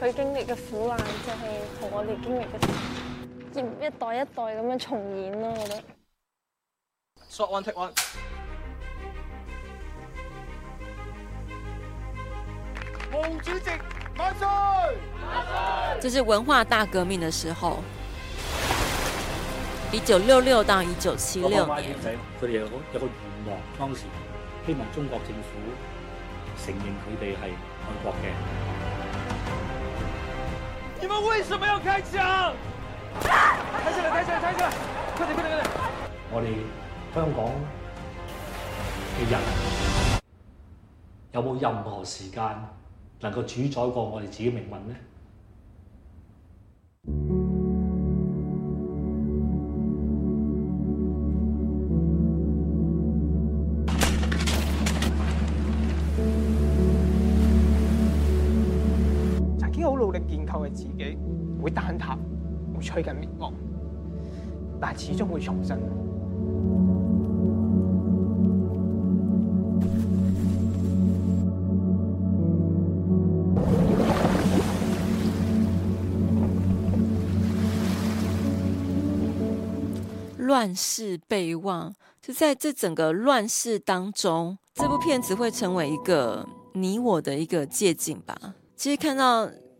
佢經歷嘅苦難就係同我哋經歷嘅，一代一代咁樣重演咯，我覺得。One take one。毛主席萬歲！萬歲！就是文化大革命嘅時候，一九六六到一九七六年。嗰啲有個羣落，當時希望中國政府承認佢哋係愛國嘅。你們為什麼要開槍？開槍，開槍，開槍！快點，快點，快點！我哋香港的人有沒有任何時間能夠主宰過我哋自己的命運呢？自己會坍塌，會趨近滅亡，但始終會重生。亂世備忘，就在這整個亂世當中，這部片子會成為一個你我的一個借鏡吧。其、就、實、是、看到。